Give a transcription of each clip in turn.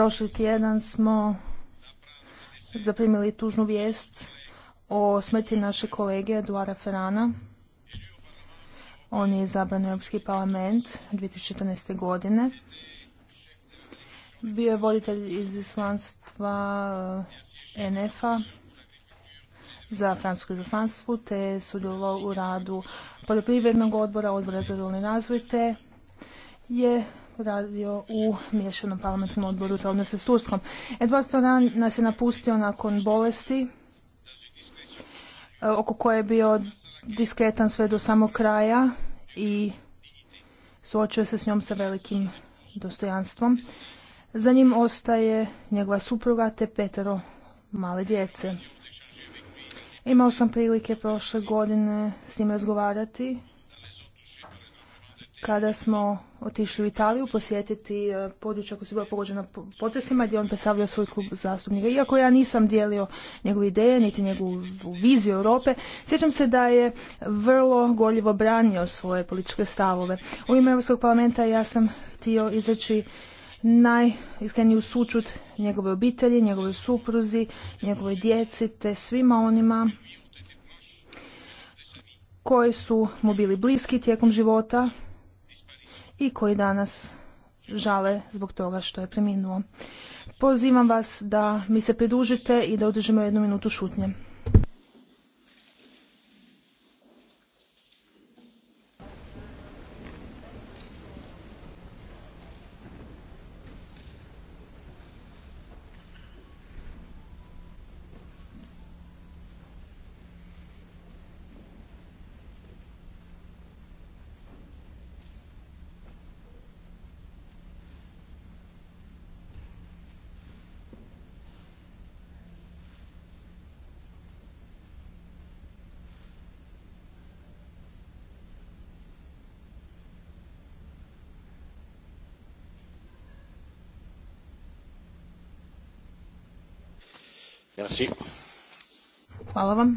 Prošli tjedan smo zaprimili tužnu vijest o smrti naše kolege Eduara Ferana. On je izabran u Europski parlament 2014. godine. Bio je voditelj iz islanstva eh, NF-a za francusko izaslanstvo, te je sudjelovao u radu poljoprivrednog odbora, odbora za ruralni razvoj, te je radio u miješanom parlamentarnom odboru za odnose s Turskom. Edvard Ferran nas je napustio nakon bolesti e, oko koje je bio diskretan sve do samog kraja i suočio se s njom sa velikim dostojanstvom. Za njim ostaje njegova supruga te petero male djece. Imao sam prilike prošle godine s njim razgovarati kada smo otišli u Italiju posjetiti e, područja koja su bila pogođena potresima gdje on predstavljao svoj klub zastupnika. Iako ja nisam dijelio njegove ideje, niti njegovu viziju Europe, sjećam se da je vrlo goljivo branio svoje političke stavove. U ime Europskog parlamenta ja sam htio izreći najiskreniju sučut njegove obitelji, njegove supruzi, njegove djeci, te svima onima koji su mu bili bliski tijekom života, i koji danas žale zbog toga što je preminuo. Pozivam vas da mi se pridužite i da održimo jednu minutu šutnje. Hvala vam.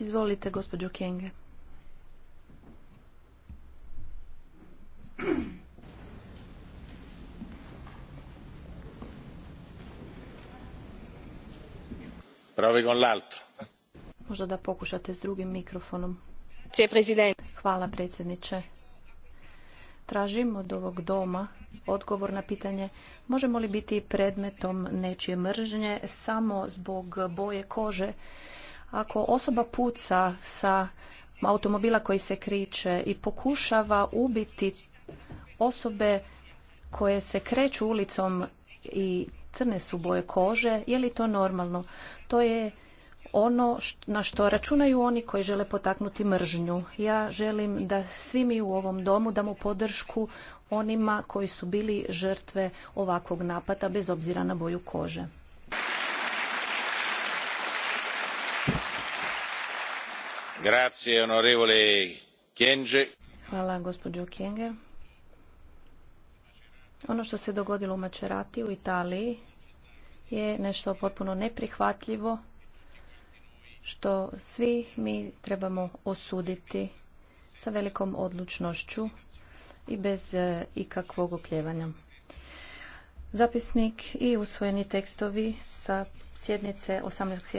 Izvolite, gospođo Kenge. Možda da pokušate s drugim mikrofonom. Hvala predsjedniče. Tražim od ovog doma odgovor na pitanje možemo li biti predmetom nečije mržnje samo zbog boje kože. Ako osoba puca sa automobila koji se kriče i pokušava ubiti osobe koje se kreću ulicom i crne su boje kože, je li to normalno? To je ono na što računaju oni koji žele potaknuti mržnju. Ja želim da svi mi u ovom domu damo podršku onima koji su bili žrtve ovakvog napada bez obzira na boju kože. Grazie, onorevole Hvala ono što se dogodilo u mačerati u Italiji je nešto potpuno neprihvatljivo što svi mi trebamo osuditi sa velikom odlučnošću i bez e, ikakvog okljevanja. Zapisnik i usvojeni tekstovi sa sjednice 18.